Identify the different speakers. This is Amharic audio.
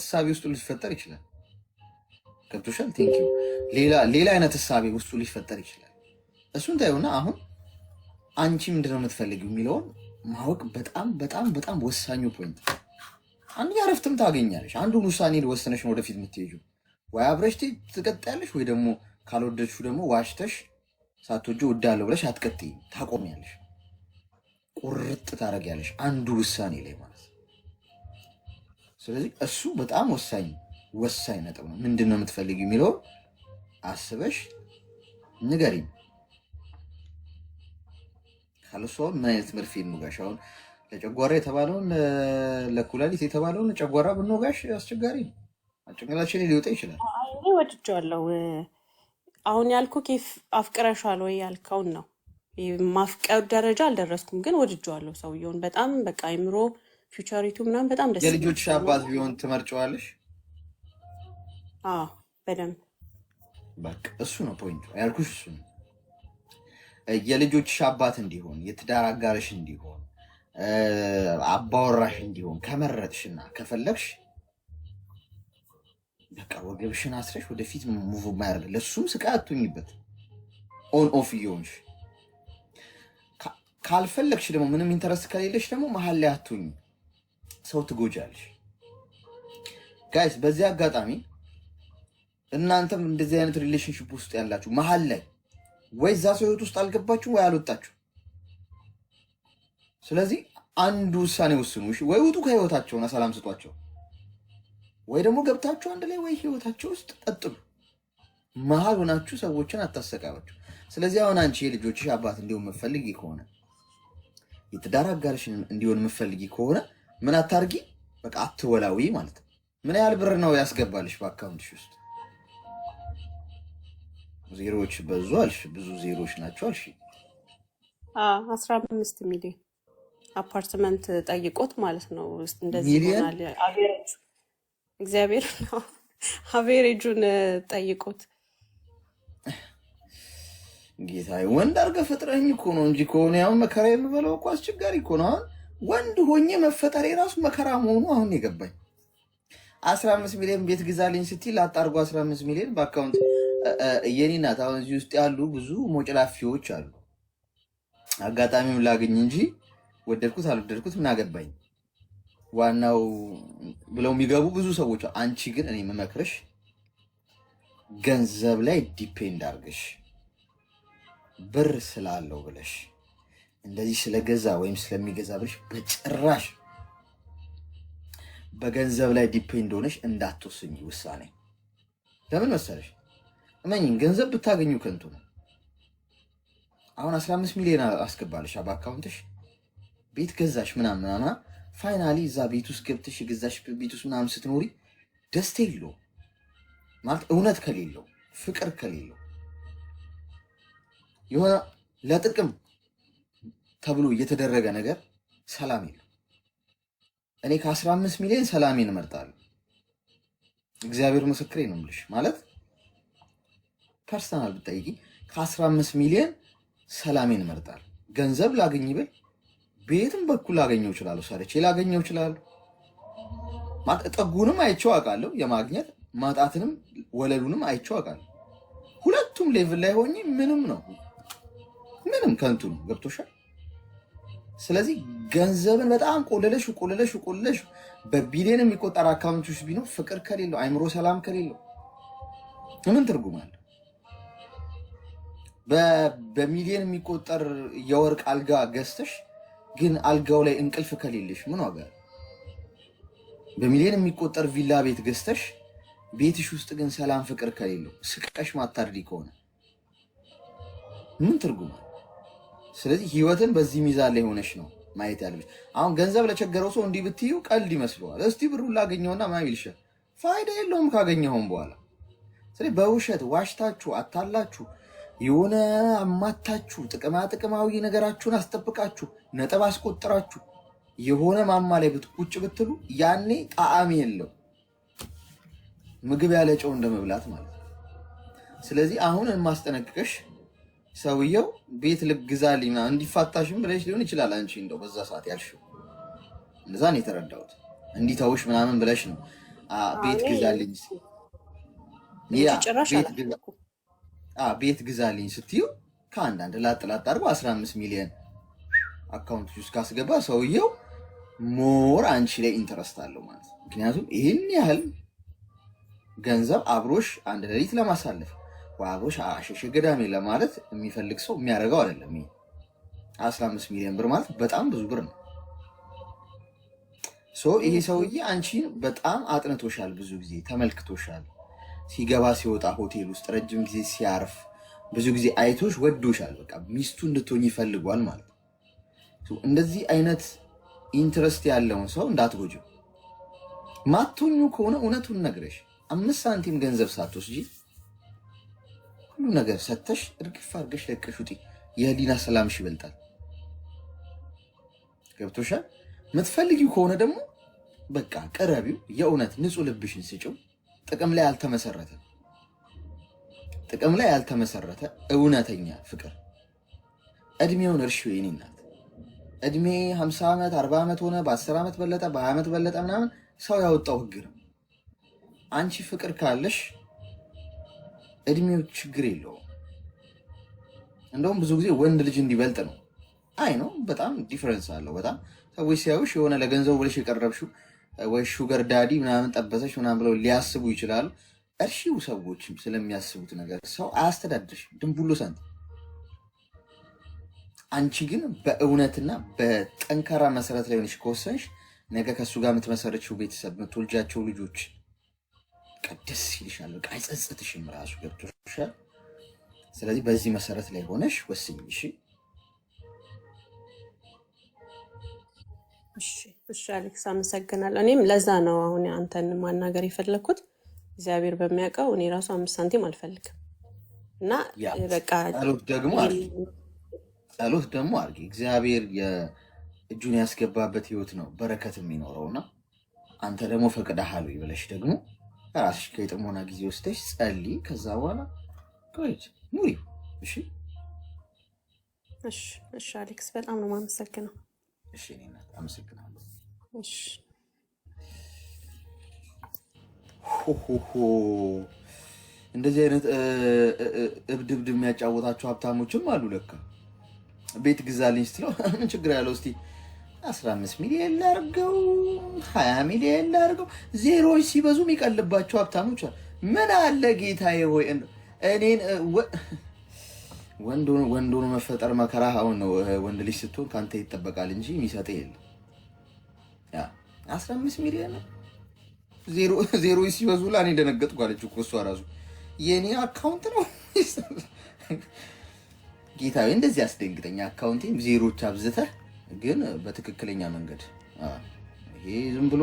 Speaker 1: እሳቤ ውስጡ ሊፈጠር ይችላል። ገብቶሻል? ቴንኪ ሌላ ሌላ አይነት እሳቤ ውስጡ ሊፈጠር ይችላል። እሱን ታየውና አሁን አንቺ ምንድነው የምትፈልጊው የሚለውን ማወቅ በጣም በጣም በጣም ወሳኙ ፖይንት። አንደኛ ረፍትም ታገኛለሽ። አንዱን ውሳኔ ወስነሽ ነው ወደፊት የምትሄጁ። ወይ አብረሽ ትቀጥያለሽ፣ ወይ ደግሞ ካልወደድሽው ደግሞ ዋሽተሽ ሳትወጂ ወዳለው ብለሽ አትቀጥይም፣ ታቆሚያለሽ። ቁርጥ ታደርጊያለሽ አንዱ ውሳኔ ላይ ስለዚህ እሱ በጣም ወሳኝ ወሳኝ ነጥብ ነው። ምንድን ነው የምትፈልግ የሚለው አስበሽ ንገሪኝ። ካልሷን ምን አይነት መርፌ እንውጋሽ? አሁን ለጨጓራ የተባለውን ለኩላሊት የተባለውን ጨጓራ ብንወጋሽ አስቸጋሪ ነው። ጭንቅላችን ሊወጣ ይችላል።
Speaker 2: ወድጀዋለሁ። አሁን ያልኩ አፍቅረሻል ወይ ያልከውን ነው። ማፍቀር ደረጃ አልደረስኩም፣ ግን ወድጀዋለሁ ሰውየውን በጣም በቃ አይምሮ ፊውቸሪቱ ምናምን በጣም
Speaker 1: ደስ የልጆች አባት ቢሆን ትመርጨዋለሽ? በደንብ በቃ እሱ ነው ፖይንቱ ያልኩሽ። እሱ ነው የልጆችሽ አባት እንዲሆን የትዳር አጋርሽ እንዲሆን አባወራሽ እንዲሆን ከመረጥሽና ከፈለግሽ በቃ ወገብሽን አስረሽ ወደፊት ሙቭ ማያደርግ ለሱም ስቃ አትሁኝበት። ኦን ኦፍ እየሆንሽ ካልፈለግሽ ደግሞ ምንም ኢንተረስት ከሌለሽ ደግሞ መሀል ላይ አቱኝ። ሰው ትጎጃለሽ። ጋይስ በዚህ አጋጣሚ እናንተም እንደዚህ አይነት ሪሌሽንሽፕ ውስጥ ያላችሁ መሀል ላይ ወይ እዛ ሰው ህይወት ውስጥ አልገባችሁ ወይ አልወጣችሁ። ስለዚህ አንድ ውሳኔ ወስኑ። ወይ ውጡ ከህይወታቸውና ሰላም ስጧቸው፣ ወይ ደግሞ ገብታችሁ አንድ ላይ ወይ ህይወታቸው ውስጥ ቀጥሉ። መሀል ሆናችሁ ሰዎችን አታሰቃያቸው። ስለዚህ አሁን አንቺ የልጆችሽ አባት እንዲሆን መፈልጊ ከሆነ የትዳር አጋርሽን እንዲሆን መፈልጊ ከሆነ ምን አታርጊ፣ በቃ አትወላዊ ማለት ነው። ምን ያህል ብር ነው ያስገባልሽ በአካውንትሽ ውስጥ? ዜሮዎች በዙ አልሽ፣ ብዙ ዜሮዎች ናቸው አልሽ።
Speaker 2: አስራ አምስት ሚሊዮን አፓርትመንት ጠይቆት ማለት ነው። ውስጥ
Speaker 1: እንደዚህ ይሆናል።
Speaker 2: እግዚአብሔር ነው አቬሬጁን ጠይቆት
Speaker 1: ጌታ ወንድ አርገ ፈጥረኝ እኮ ነው እንጂ ከሆነ ያሁን መከራ የምበለው እኮ አስቸጋሪ እኮ ነው አሁን ወንድ ሆኜ መፈጠሬ ራሱ መከራ መሆኑ አሁን የገባኝ። 15 ሚሊዮን ቤት ግዛልኝ ስትል አጣርጎ 15 ሚሊዮን በአካውንት የኔ ናት። አሁን እዚህ ውስጥ ያሉ ብዙ ሞጭላፊዎች አሉ። አጋጣሚም ላግኝ እንጂ ወደድኩት አልወደድኩት ምን አገባኝ፣ ዋናው ብለው የሚገቡ ብዙ ሰዎች። አንቺ ግን እኔ የምመክርሽ ገንዘብ ላይ ዲፔንድ አድርገሽ ብር ስላለው ብለሽ እንደዚህ ስለገዛ ወይም ስለሚገዛ ብለሽ በጭራሽ በገንዘብ ላይ ዲፔንድ ሆነሽ እንዳትወስኝ ውሳኔ። ለምን መሰለሽ? እመኝን ገንዘብ ብታገኙ ከንቱ ነው። አሁን 15 ሚሊዮን አስገባለሽ በአካውንትሽ ቤት ገዛሽ ምናምን ምናምና ፋይናሊ እዛ ቤት ውስጥ ገብተሽ የገዛሽ ቤት ውስጥ ምናምን ስትኖሪ ደስታ የለው ማለት እውነት ከሌለው ፍቅር ከሌለው የሆነ ለጥቅም ተብሎ እየተደረገ ነገር ሰላም የለም። እኔ ከ15 ሚሊዮን ሰላሜን እመርጣለሁ። እግዚአብሔር ምስክሬ ነው የምልሽ። ማለት ፐርሰናል ብጠይቂ ከ15 ሚሊዮን ሰላሜን እመርጣለሁ። ገንዘብ ላገኝ ብል ቤትም በኩል ላገኘው እችላለሁ፣ ሰርቼ ላገኘው እችላለሁ። ጠጉንም አይቼው አውቃለሁ፣ የማግኘት ማጣትንም ወለሉንም አይቼው አውቃለሁ። ሁለቱም ሌቭል ላይ ሆኜ ምንም ነው ምንም ከንቱ ነው። ገብቶሻል? ስለዚህ ገንዘብን በጣም ቆለለሽ ቆለለሽ ቆለለሽ በቢሊዮን የሚቆጠር አካውንት ውስጥ ቢኖር ፍቅር ከሌለው አይምሮ ሰላም ከሌለው ምን ትርጉም አለ? በሚሊዮን የሚቆጠር የወርቅ አልጋ ገዝተሽ ግን አልጋው ላይ እንቅልፍ ከሌለሽ ምን ዋጋ? በሚሊዮን የሚቆጠር ቪላ ቤት ገዝተሽ ቤትሽ ውስጥ ግን ሰላም ፍቅር ከሌለው ስቀሽ ማታርዲ ከሆነ ምን ትርጉም አለ? ስለዚህ ህይወትን በዚህ ሚዛን ላይ ሆነሽ ነው ማየት ያለብሽ። አሁን ገንዘብ ለቸገረው ሰው እንዲህ ብትዩ ቀልድ ይመስለዋል። እስቲ ብሩን ላገኘውና ማን ይልሻል? ፋይዳ የለውም ካገኘኸውም በኋላ። ስለዚህ በውሸት ዋሽታችሁ አታላችሁ የሆነ አማታችሁ ጥቅማ ጥቅማዊ ነገራችሁን አስጠብቃችሁ ነጥብ አስቆጥራችሁ የሆነ ማማ ላይ ቁጭ ብትሉ ያኔ ጣዕም የለው ምግብ ያለ ጨው እንደመብላት ማለት ነው። ስለዚህ አሁን የማስጠነቅቅሽ ሰውየው ቤት ልግዛልኝ ምናምን እንዲፋታሽም ብለሽ ሊሆን ይችላል። አንቺ እንደው በዛ ሰዓት ያልሽው እንደዛ ነው የተረዳሁት። እንዲተውሽ ምናምን ብለሽ ነው ቤት ግዛልኝ ቤት ግዛልኝ ስትዩ ከአንዳንድ ላጥ ላጥ አድርጎ አስራ ሚሊዮን አካውንት ውስጥ ካስገባ ሰውየው ሞር አንቺ ላይ ኢንተረስት አለው ማለት ነው። ምክንያቱም ይህን ያህል ገንዘብ አብሮሽ አንድ ሌሊት ለማሳለፍ ዋጎሽ አሸሸ ገዳሜ ለማለት የሚፈልግ ሰው የሚያደርገው አይደለም። ይሄ 15 ሚሊዮን ብር ማለት በጣም ብዙ ብር ነው። ይሄ ሰውዬ አንቺን በጣም አጥንቶሻል፣ ብዙ ጊዜ ተመልክቶሻል። ሲገባ ሲወጣ ሆቴል ውስጥ ረጅም ጊዜ ሲያርፍ ብዙ ጊዜ አይቶሽ ወዶሻል። በቃ ሚስቱ እንድትሆኝ ይፈልጓል ማለት ነው። እንደዚህ አይነት ኢንትረስት ያለውን ሰው እንዳትጎጂው። ማቶኙ ከሆነ እውነቱን ነግረሽ አምስት ሳንቲም ገንዘብ ሳትወስጂ ሁሉ ነገር ሰተሽ እርግፍ አድርገሽ ለቀሽ ውጤ የህሊና ሰላምሽ ይበልጣል። ገብቶሻል። የምትፈልጊው ከሆነ ደግሞ በቃ ቅረቢው። የእውነት ንጹህ ልብሽን ስጭው። ጥቅም ላይ ያልተመሰረተ ጥቅም ላይ ያልተመሰረተ እውነተኛ ፍቅር እድሜውን እርሺ። የኔ እናት እድሜ ሀምሳ ዓመት አርባ ዓመት ሆነ በአስር ዓመት በለጠ በሀያ ዓመት በለጠ ምናምን ሰው ያወጣው ህግ ነው። አንቺ ፍቅር ካለሽ እድሜው ችግር የለውም። እንደውም ብዙ ጊዜ ወንድ ልጅ እንዲበልጥ ነው። አይ ነው በጣም ዲፈረንስ አለው። በጣም ሰዎች ሲያዩሽ የሆነ ለገንዘቡ ብለሽ የቀረብሽው ወይ ሹገር ዳዲ ምናምን ጠበሰሽ ምናምን ብለው ሊያስቡ ይችላሉ። እርሺው ሰዎችም ስለሚያስቡት ነገር ሰው አያስተዳድርሽም፣ ድንቡሎ ሰንት አንቺ ግን በእውነትና በጠንካራ መሰረት ላይ ሆነሽ ከወሰንሽ ነገ ከእሱ ጋር የምትመሰርችው ቤተሰብ፣ የምትወልጃቸው ልጆች ቀደስ ይልሻል፣ በቃ አይጸጽትሽም፣ ራሱ ገብቶሻል። ስለዚህ በዚህ መሰረት ላይ ሆነሽ ወስኝ። እሺ፣
Speaker 2: እሺ አሌክስ አመሰግናለሁ። እኔም ለዛ ነው አሁን አንተን ማናገር የፈለግኩት። እግዚአብሔር በሚያውቀው እኔ ራሱ አምስት ሳንቲም አልፈልግም እና
Speaker 1: በቃ ጸሎት ደግሞ ጸሎት ደግሞ አድርጊ። እግዚአብሔር የእጁን ያስገባበት ህይወት ነው በረከት የሚኖረው የሚኖረውና አንተ ደግሞ ፈቅደሃል ብለሽ ደግሞ ራስሽ ከጥሞና ጊዜ ወስደሽ ጸልይ። ከዛ በኋላ ቆይት ሙሪ። እሺ፣
Speaker 2: እሺ፣ እሺ። አሌክስ በጣም ነው የማመሰግነው።
Speaker 1: እሺ፣ እኔ እናት አመሰግናለሁ። እሺ። ሆ እንደዚህ አይነት እብድ እብድ የሚያጫወታቸው ሀብታሞችም አሉ። ለካ ቤት ግዛልኝ ስትለው ምን ችግር ያለው እስቲ 15 ሚሊዮን ላርገው፣ 20 ሚሊዮን ላርገው። ዜሮች ሲበዙ የሚቀልባቸው ሀብታሞች ምን አለ ጌታዬ ሆይ እኔን ወንድ ወንድ ሆኖ መፈጠር መከራ አሁን ነው። ወንድ ልጅ ስትሆን ከአንተ ይጠበቃል እንጂ የሚሰጥ የለም። አስራ አምስት ሚሊዮን ዜሮ ዜሮ ሲበዙ ላ እኔ ደነገጥኩ አለች እኮ እሷ ራሱ የእኔ አካውንት ነው ጌታዬ እንደዚህ አስደንግጠኛ አካውንቴም ዜሮች አብዝተህ ግን በትክክለኛ መንገድ ይሄ ዝም ብሎ